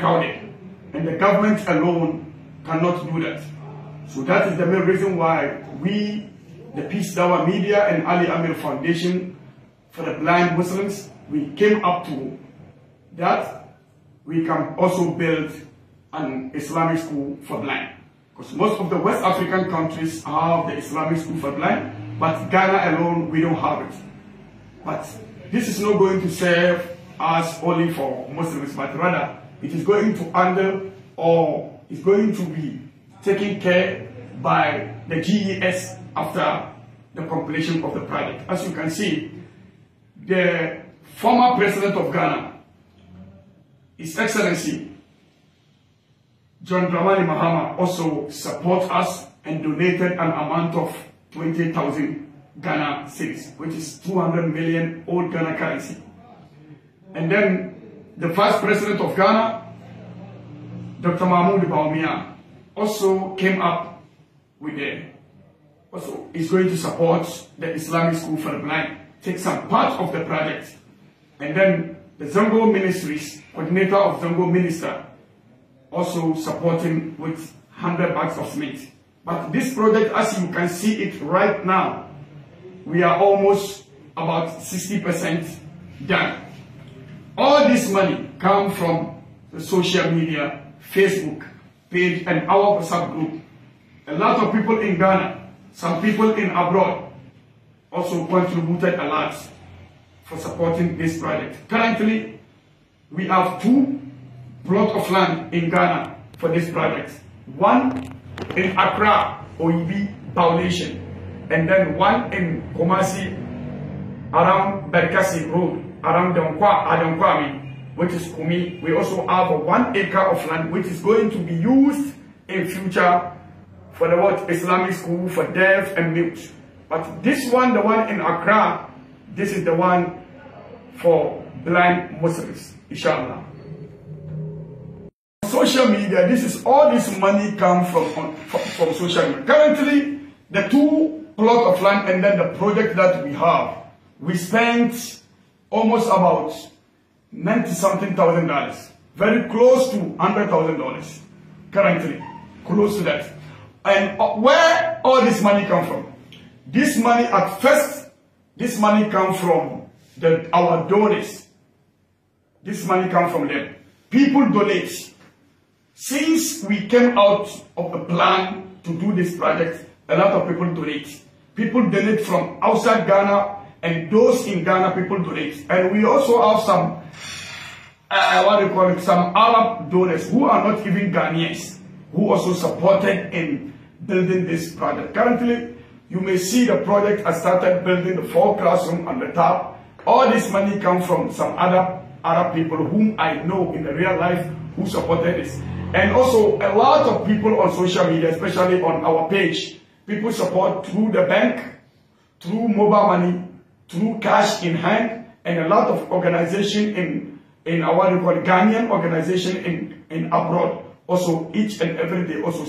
crowded. And the government alone cannot do that. So that is the main reason why we, the Peace Dawa Media and Ali Amir Foundation for the Blind Muslims, we came up to that we can also build an Islamic school for blind. Because most of the West African countries have the Islamic school for blind, but Ghana alone, we don't have it. But this is not going to serve us only for Muslims, but rather it is going to handle or is going to be taken care by the GES after the completion of the project. As you can see, the former president of Ghana, His Excellency John Dramani Mahama also support us and donated an amount of 20,000 Ghana cedis, which is 200 million old Ghana currency. And then the first president of Ghana, Dr. Mahmoud Baumia also came up with the, also is going to support the Islamic School for the Blind, take some part of the project. And then the Zongo Ministries, coordinator of Zongo Minister, also supporting with 100 bags of meat. But this project, as you can see it right now, we are almost about 60% done. All this money come from the social media Facebook page and our WhatsApp group. A lot of people in Ghana, some people in abroad, also contributed a lot for supporting this project. Currently, we have two plot of land in Ghana for this project. One in Accra, OEB Foundation, and then one in Kumasi around Berkasi Road, around Donkwa, Adonkwa, I mean which is Kumi. We also have one acre of land which is going to be used in future for the what Islamic school for deaf and mute. But this one, the one in Accra, this is the one for blind Muslims, inshallah. Social media, this is all this money come from, from, from social media. Currently, the two plot of land and then the project that we have, we spent almost about 90 something thousand dollars. Very close to $100,000 currently. Close to that. And uh, where all this money come from? This money at first, this money come from the, our donors. This money come from them. People donate. Since we came out of the plan to do this project, a lot of people donate. People donate from outside Ghana, and those in Ghana, people donate. And we also have some, uh, uh, what do you call it, some Arab donors who are not even Ghanaians, who also supported in building this project. Currently, you may see the project has started building the four classroom on the top. All this money comes from some other Arab people whom I know in the real life who supported this. And also a lot of people on social media, especially on our page, people support through the bank, through mobile money, through cash in hand and a lot of organization in in our Ghanaian organization in, in abroad also each and every day also